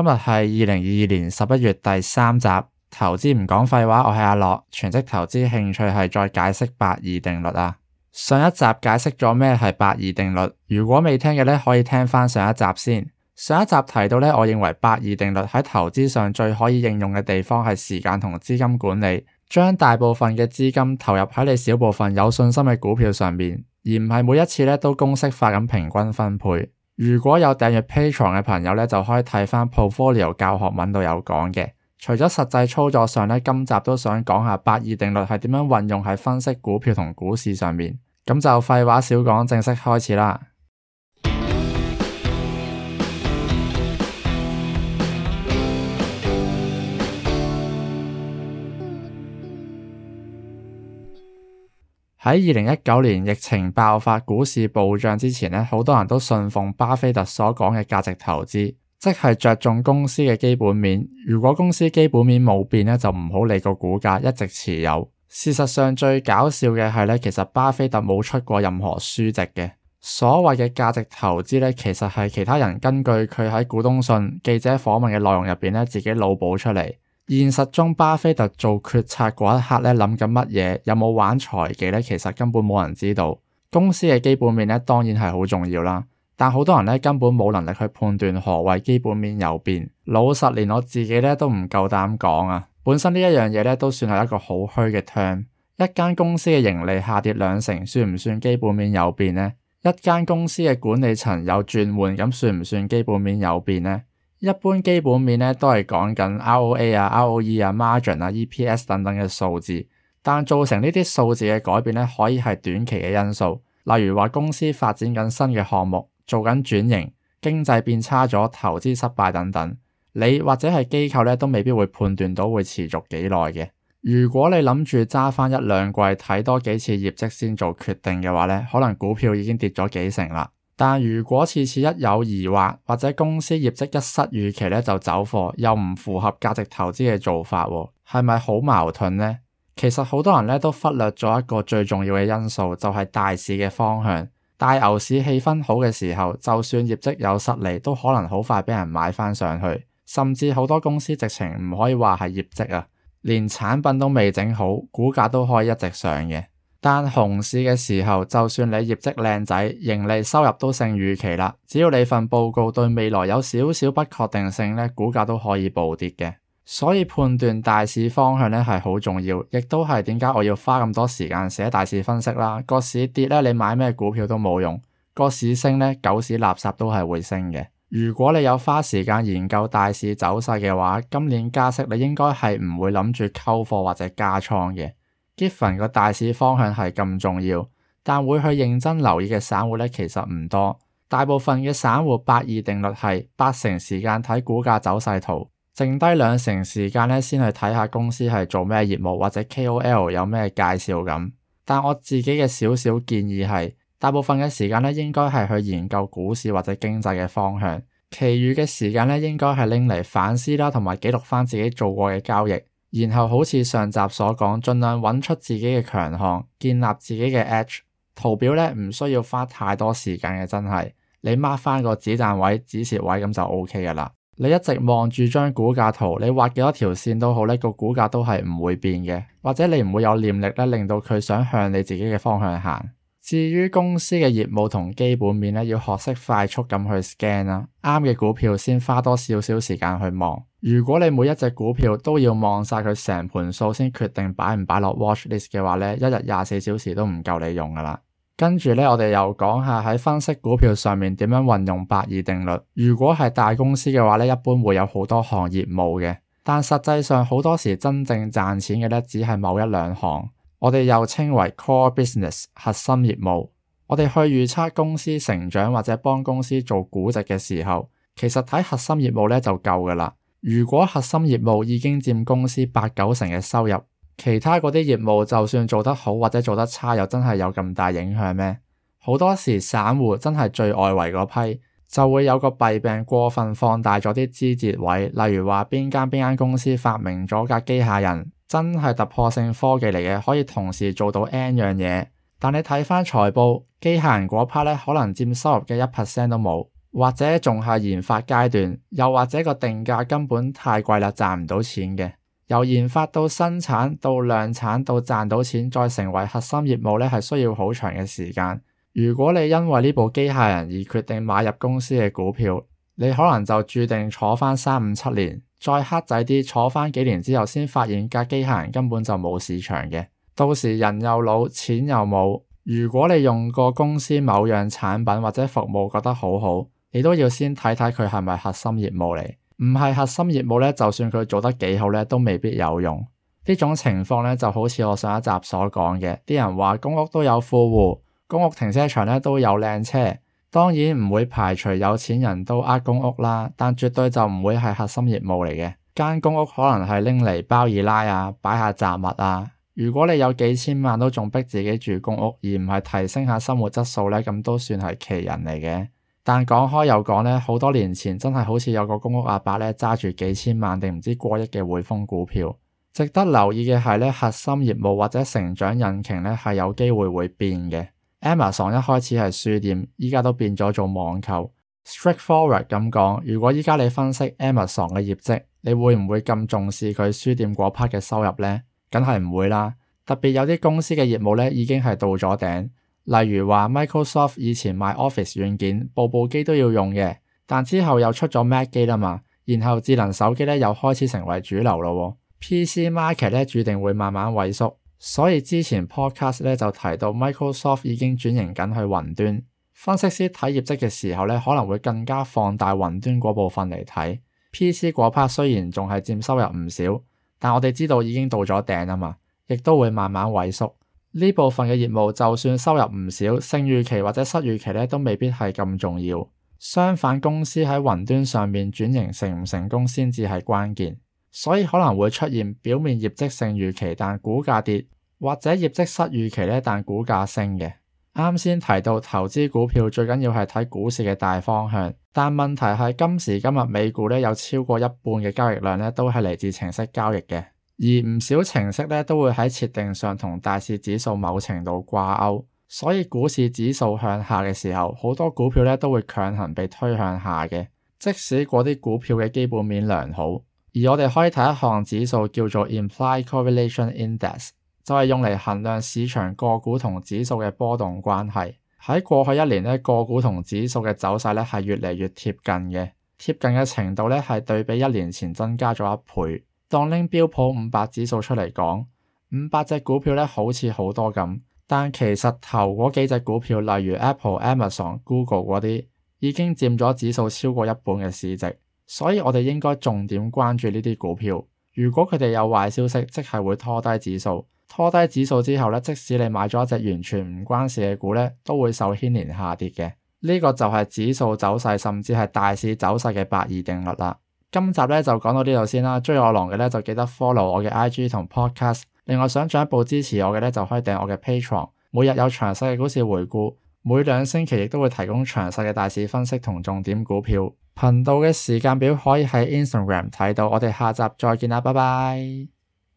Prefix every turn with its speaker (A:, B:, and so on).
A: 今日係二零二二年十一月第三集，投資唔講廢話，我係阿樂，全職投資興趣係再解釋八二定律啊。上一集解釋咗咩係八二定律？如果未聽嘅呢，可以聽翻上一集先。上一集提到呢，我認為八二定律喺投資上最可以應用嘅地方係時間同資金管理，將大部分嘅資金投入喺你小部分有信心嘅股票上面，而唔係每一次呢都公式化咁平均分配。如果有訂閱 Patreon 嘅朋友咧，就可以睇翻 Portfolio 教學文度有講嘅。除咗實際操作上咧，今集都想講下八二定律係點樣運用喺分析股票同股市上面。咁就廢話少講，正式開始啦。喺二零一九年疫情爆發、股市暴漲之前咧，好多人都信奉巴菲特所講嘅價值投資，即係着重公司嘅基本面。如果公司基本面冇變咧，就唔好理個股價，一直持有。事實上最搞笑嘅係呢，其實巴菲特冇出過任何書籍嘅。所謂嘅價值投資呢，其實係其他人根據佢喺股東信、記者訪問嘅內容入面呢，自己腦補出嚟。現實中，巴菲特做決策嗰一刻咧，諗緊乜嘢？有冇玩財技呢？其實根本冇人知道。公司嘅基本面咧，當然係好重要啦。但好多人呢，根本冇能力去判斷何謂基本面有變。老實，連我自己咧都唔夠膽講啊。本身這呢一樣嘢咧，都算係一個好虛嘅 term。一間公司嘅盈利下跌兩成，算唔算基本面有變呢？一間公司嘅管理層有轉換，咁算唔算基本面有變呢？一般基本面咧都係講緊 ROA 啊、ROE 啊、margin 啊、EPS 等等嘅數字，但造成呢啲數字嘅改變咧，可以係短期嘅因素，例如話公司發展緊新嘅項目、做緊轉型、經濟變差咗、投資失敗等等，你或者係機構咧都未必會判斷到會持續幾耐嘅。如果你諗住揸翻一兩季睇多幾次業績先做決定嘅話呢，可能股票已經跌咗幾成啦。但如果次次一有疑惑或者公司業績一失預期咧就走貨，又唔符合價值投資嘅做法，係咪好矛盾呢？其實好多人咧都忽略咗一個最重要嘅因素，就係大市嘅方向。大牛市氣氛好嘅時候，就算業績有失利，都可能好快俾人買翻上去。甚至好多公司直情唔可以話係業績啊，連產品都未整好，股價都可以一直上嘅。但熊市嘅時候，就算你業績靚仔，盈利收入都勝預期啦。只要你份報告對未來有少少不確定性呢，股價都可以暴跌嘅。所以判斷大市方向呢係好重要，亦都係點解我要花咁多時間寫大市分析啦。個市跌呢，你買咩股票都冇用；個市升呢，狗屎垃圾都係會升嘅。如果你有花時間研究大市走勢嘅話，今年加息你應該係唔會諗住溝貨或者加倉嘅。Given 個大市方向係咁重要，但會去認真留意嘅散戶咧，其實唔多。大部分嘅散戶八二定律係八成時間睇股價走勢圖，剩低兩成時間咧，先去睇下公司係做咩業務或者 KOL 有咩介紹咁。但我自己嘅少少建議係，大部分嘅時間呢應該係去研究股市或者經濟嘅方向，其餘嘅時間呢應該係拎嚟反思啦，同埋記錄返自己做過嘅交易。然後好似上集所講，盡量揾出自己嘅強項，建立自己嘅 edge。圖表呢唔需要花太多時間嘅，真係你 mark 翻個子彈位、止蝕位咁就 OK 㗎喇。你一直望住張股價圖，你畫幾多條線都好呢，個股價都係唔會變嘅，或者你唔會有念力呢，令到佢想向你自己嘅方向行。至於公司嘅業務同基本面咧，要學識快速咁去 scan 啦，啱嘅股票先花多少少時間去望。如果你每一隻股票都要望晒佢成盤數先決定擺唔擺落 watch list 嘅話咧，一日廿四小時都唔夠你用噶啦。跟住咧，我哋又講下喺分析股票上面點樣運用八二定律。如果係大公司嘅話咧，一般會有好多項業務嘅，但實際上好多時真正賺錢嘅咧，只係某一兩項。我哋又稱為 core business 核心業務。我哋去預測公司成長或者幫公司做估值嘅時候，其實睇核心業務咧就夠㗎喇。如果核心業務已經佔公司八九成嘅收入，其他嗰啲業務就算做得好或者做得差，又真係有咁大影響咩？好多時散戶真係最外圍嗰批，就會有個弊病，過分放大咗啲枝節位，例如話邊間邊間公司發明咗架機械人。真係突破性科技嚟嘅，可以同時做到 n 樣嘢。但你睇翻，財報，機械人嗰 part 咧，可能占收入嘅一 percent 都冇，或者仲係研發階段，又或者個定價根本太貴啦，賺唔到錢嘅。由研發到生產到量產到賺到錢，再成為核心業務呢，係需要好長嘅時間。如果你因為呢部機械人而決定買入公司嘅股票，你可能就注定坐翻三五七年。再黑仔啲，坐翻幾年之後，先發現架機械人根本就冇市場嘅。到時人又老，錢又冇。如果你用過公司某樣產品或者服務覺得好好，你都要先睇睇佢係咪核心業務嚟。唔係核心業務咧，就算佢做得幾好咧，都未必有用。呢種情況咧，就好似我上一集所講嘅，啲人話公屋都有富戶，公屋停車場咧都有靚車。當然唔會排除有錢人都呃公屋啦，但絕對就唔會係核心業務嚟嘅。間公屋可能係拎嚟包二奶啊，擺下雜物啊。如果你有幾千萬都仲逼自己住公屋，而唔係提升下生活質素咧，咁都算係奇人嚟嘅。但講開又講咧，好多年前真係好似有個公屋阿伯咧，揸住幾千萬定唔知過億嘅匯豐股票。值得留意嘅係咧，核心業務或者成長引擎咧，係有機會會變嘅。Amazon 一開始係書店，依家都變咗做網購。Straightforward 咁講，如果依家你分析 Amazon 嘅業績，你會唔會咁重視佢書店嗰 part 嘅收入呢？梗係唔會啦。特別有啲公司嘅業務呢，已經係到咗頂。例如話 Microsoft 以前賣 Office 軟件，部部機都要用嘅，但之後又出咗 Mac 機啦嘛。然後智能手機呢，又開始成為主流咯。PC market 呢，注定會慢慢萎縮。所以之前 podcast 咧就提到 Microsoft 已經轉型緊去雲端，分析師睇業績嘅時候咧可能會更加放大雲端嗰部分嚟睇。PC 嗰 part 雖然仲係占收入唔少，但我哋知道已經到咗頂啊嘛，亦都會慢慢萎縮。呢部分嘅業務就算收入唔少，勝預期或者失預期咧都未必係咁重要。相反，公司喺雲端上面轉型成唔成功先至係關鍵。所以可能會出現表面業績勝預期，但股價跌，或者業績失預期，但股價升嘅。啱先提到投資股票最緊要係睇股市嘅大方向，但問題係今時今日美股咧有超過一半嘅交易量咧都係嚟自程式交易嘅，而唔少程式咧都會喺設定上同大市指數某程度掛鈎，所以股市指數向下嘅時候，好多股票咧都會強行被推向下嘅，即使嗰啲股票嘅基本面良好。而我哋可以睇一項指數叫做 Implied Correlation Index，就係用嚟衡量市場個股同指數嘅波動關係。喺過去一年咧，個股同指數嘅走勢咧係越嚟越貼近嘅，貼近嘅程度咧係對比一年前增加咗一倍。當拎標普五百指數出嚟講，五百隻股票咧好似好多咁，但其實頭嗰幾隻股票，例如 Apple、Amazon、Google 嗰啲，已經佔咗指數超過一半嘅市值。所以我哋應該重點關注呢啲股票。如果佢哋有壞消息，即係會拖低指數。拖低指數之後咧，即使你買咗一隻完全唔關事嘅股咧，都會受牽連下跌嘅。呢、這個就係指數走勢，甚至係大市走勢嘅八二定律啦。今集咧就講到呢度先啦。追我郎嘅咧就記得 follow 我嘅 IG 同 Podcast。另外想進一步支持我嘅咧，就可以訂我嘅 Patreon。每日有詳細嘅股市回顧。每兩星期亦都會提供詳細嘅大市分析同重點股票。頻道嘅時間表可以喺 Instagram 睇到。我哋下集再見啦，拜拜！